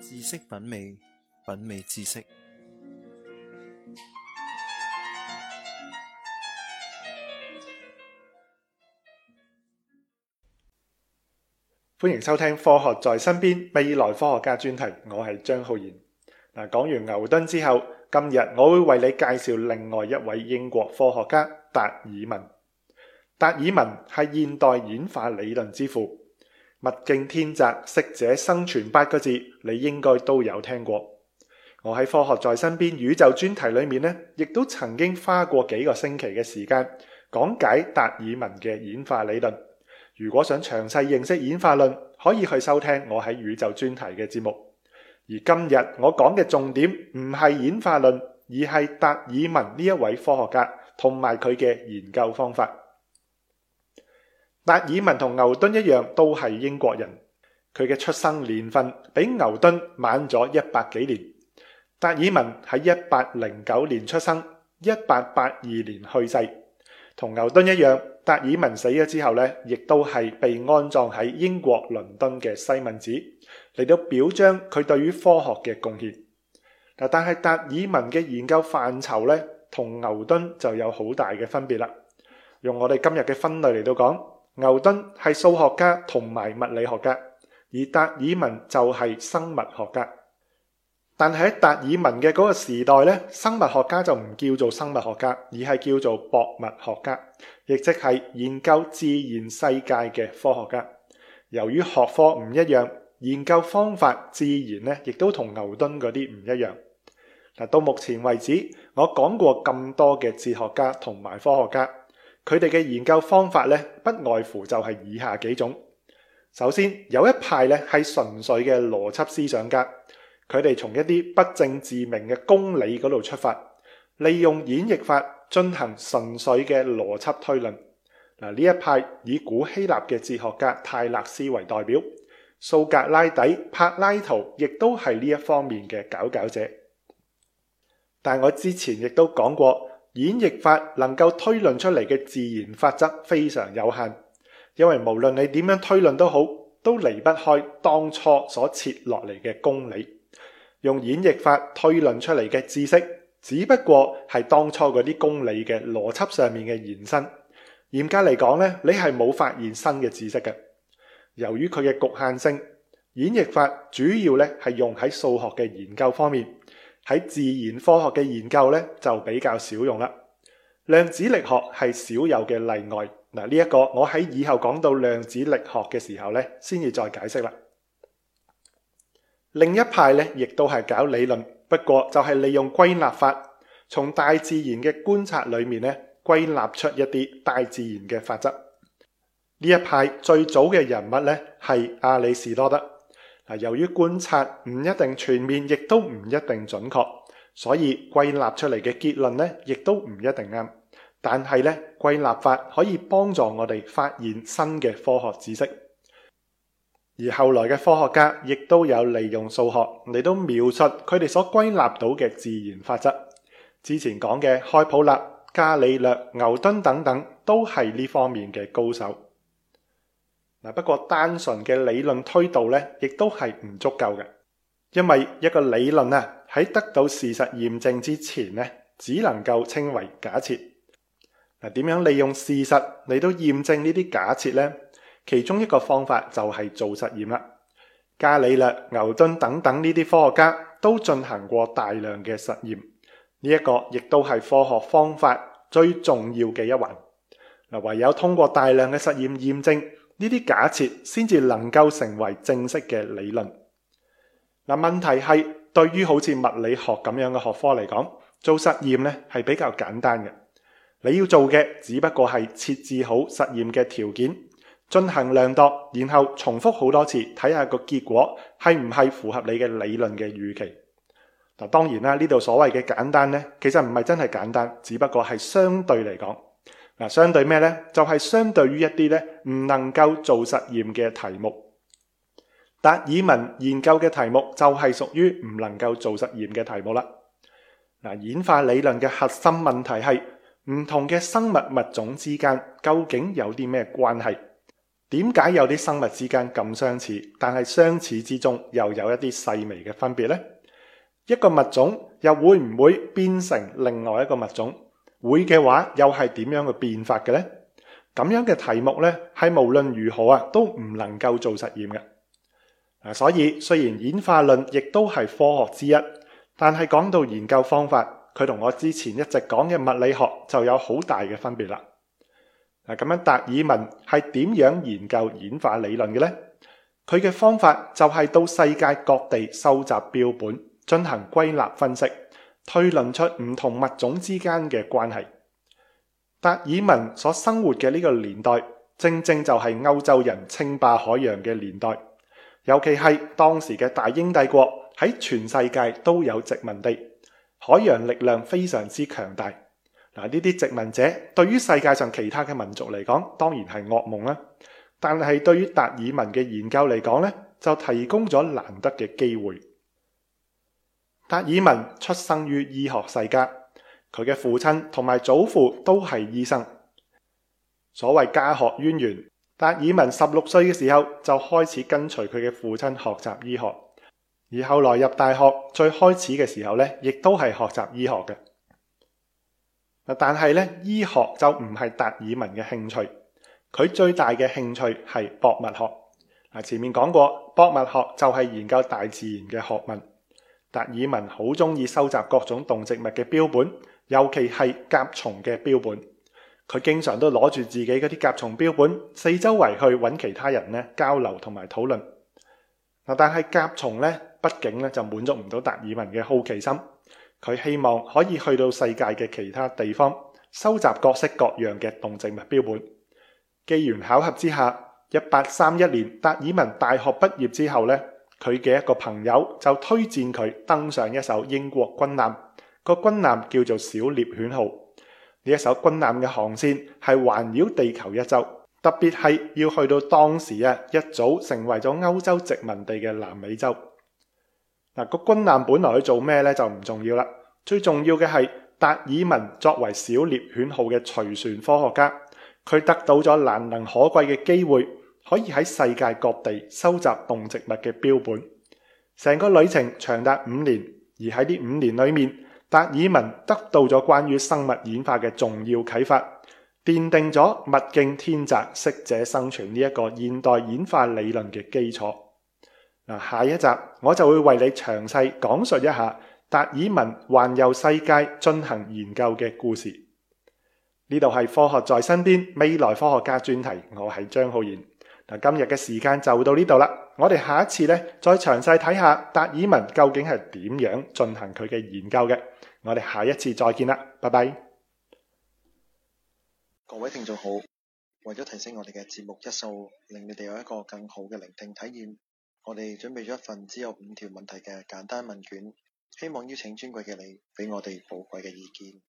知識品味，品味知識。歡迎收聽《科學在身邊：未來科學家》專題，我係張浩然。嗱，講完牛頓之後，今日我會為你介紹另外一位英國科學家達爾文。達爾文係現代演化理論之父。物競天擇，適者生存八個字，你應該都有聽過。我喺科學在身邊宇宙專題裏面呢，亦都曾經花過幾個星期嘅時間講解達爾文嘅演化理論。如果想詳細認識演化論，可以去收聽我喺宇宙專題嘅節目。而今日我講嘅重點唔係演化論，而係達爾文呢一位科學家同埋佢嘅研究方法。達爾文同牛頓一樣都係英國人，佢嘅出生年份比牛頓晚咗100幾年。達爾文喺1809年出生，1882年去世，同牛頓一樣，達爾文死咗之後呢，亦都係被安葬喺英國倫敦嘅西敏寺，嚟到表彰佢對於科學嘅貢獻。但，但係達爾文嘅研究範疇呢，同牛頓就有好大嘅分別啦。用我哋今日嘅分類嚟到講牛頓係數學家同埋物理學家，而達爾文就係生物學家。但係喺達爾文嘅嗰個時代咧，生物學家就唔叫做生物學家，而係叫做博物學家，亦即係研究自然世界嘅科學家。由於學科唔一樣，研究方法自然咧亦都同牛頓嗰啲唔一樣。嗱，到目前為止，我講過咁多嘅哲學家同埋科學家。佢哋嘅研究方法呢，不外乎就係以下幾種。首先有一派呢，係純粹嘅邏輯思想家，佢哋從一啲不證自明嘅公理嗰度出發，利用演繹法進行純粹嘅邏輯推論。嗱呢一派以古希臘嘅哲學家泰勒斯為代表，蘇格拉底、柏拉圖亦都係呢一方面嘅佼佼者。但我之前亦都講過。演繹法能夠推論出嚟嘅自然法則非常有限，因為無論你點樣推論都好，都離不開當初所設落嚟嘅公理。用演繹法推論出嚟嘅知識，只不過係當初嗰啲公理嘅邏輯上面嘅延伸。嚴格嚟講呢，你係冇發現新嘅知識嘅。由於佢嘅局限性，演繹法主要呢係用喺數學嘅研究方面。喺自然科學嘅研究呢，就比較少用啦。量子力學係少有嘅例外。嗱，呢一個我喺以後講到量子力學嘅時候呢，先至再解釋啦。另一派呢，亦都係搞理論，不過就係利用歸納法，從大自然嘅觀察裏面呢，歸納出一啲大自然嘅法則。呢一派最早嘅人物呢，係亞里士多德。啊，由於觀察唔一定全面，亦都唔一定準確，所以歸納出嚟嘅結論呢，亦都唔一定啱。嗱，不過單純嘅理論推導咧，亦都係唔足夠嘅，因為一個理論啊喺得到事實驗證之前咧，只能夠稱為假設嗱。點樣利用事實嚟到驗證呢啲假設呢？其中一個方法就係做實驗啦。伽里略、牛頓等等呢啲科學家都進行過大量嘅實驗，呢一個亦都係科學方法最重要嘅一環嗱。唯有通過大量嘅實驗驗證。呢啲假設先至能夠成為正式嘅理論。嗱，問題係對於好似物理學咁樣嘅學科嚟講，做實驗咧係比較簡單嘅。你要做嘅只不過係設置好實驗嘅條件，進行量度，然後重複好多次，睇下個結果係唔係符合你嘅理論嘅預期。嗱，當然啦，呢度所謂嘅簡單咧，其實唔係真係簡單，只不過係相對嚟講。嗱，相對咩呢？就係相對於一啲咧唔能夠做實驗嘅題目。達爾文研究嘅題目就係屬於唔能夠做實驗嘅題目啦。嗱，演化理論嘅核心問題係唔同嘅生物物種之間，究竟有啲咩關係？點解有啲生物之間咁相似，但係相似之中又有一啲細微嘅分別呢？一個物種又會唔會變成另外一個物種？會嘅話又係點樣嘅變法嘅呢？咁樣嘅題目呢，係無論如何啊都唔能夠做實驗嘅。啊，所以雖然演化論亦都係科學之一，但係講到研究方法，佢同我之前一直講嘅物理學就有好大嘅分別啦。嗱，咁樣達爾文係點樣研究演化理論嘅呢？佢嘅方法就係到世界各地收集標本，進行歸納分析。推論出唔同物種之間嘅關係。達爾文所生活嘅呢個年代，正正就係歐洲人稱霸海洋嘅年代，尤其係當時嘅大英帝國喺全世界都有殖民地，海洋力量非常之強大。嗱，呢啲殖民者對於世界上其他嘅民族嚟講，當然係噩夢啦。但係對於達爾文嘅研究嚟講呢，就提供咗難得嘅機會。達爾文出生於醫學世家，佢嘅父親同埋祖父都係醫生。所謂家學淵源，達爾文十六歲嘅時候就開始跟隨佢嘅父親學習醫學，而後來入大學最開始嘅時候咧，亦都係學習醫學嘅。但係咧，醫學就唔係達爾文嘅興趣，佢最大嘅興趣係博物學。嗱，前面講過，博物學就係研究大自然嘅學問。達爾文很喜歡收集各種動植物的標本，尤其是甲蟲的標本。他經常都拿着自己那些甲蟲標本四周圍去找其他人交流和討論。但是甲蟲不僅就滿足不到達爾文的好奇心，他希望可以去到世界的其他地方收集各式各樣的動植物標本。既然考核之下1831佢嘅一個朋友就推薦佢登上一艘英國軍艦，個軍艦叫做小獵犬號。呢一艘軍艦嘅航線係環繞地球一周，特別係要去到當時啊一早成為咗歐洲殖民地嘅南美洲。嗱，個軍艦本來去做咩呢就唔重要啦，最重要嘅係達爾文作為小獵犬號嘅隨船科學家，佢得到咗難能可貴嘅機會。可以喺世界各地收集動植物嘅標本，成個旅程長達五年，而喺呢五年裏面，達爾文得到咗關於生物演化嘅重要啟發，奠定咗物競天擇、適者生存呢一個現代演化理論嘅基礎。嗱，下一集我就會為你詳細講述一下達爾文環遊世界進行研究嘅故事。呢度係科學在身邊未來科學家專題，我係張浩然。嗱，今日嘅時間就到呢度啦。我哋下一次咧，再詳細睇下達爾文究竟係點樣進行佢嘅研究嘅。我哋下一次再見啦，拜拜。各位聽眾好，為咗提升我哋嘅節目質素，令你哋有一個更好嘅聆聽體驗，我哋準備咗一份只有五條問題嘅簡單問卷，希望邀請尊貴嘅你俾我哋寶貴嘅意見。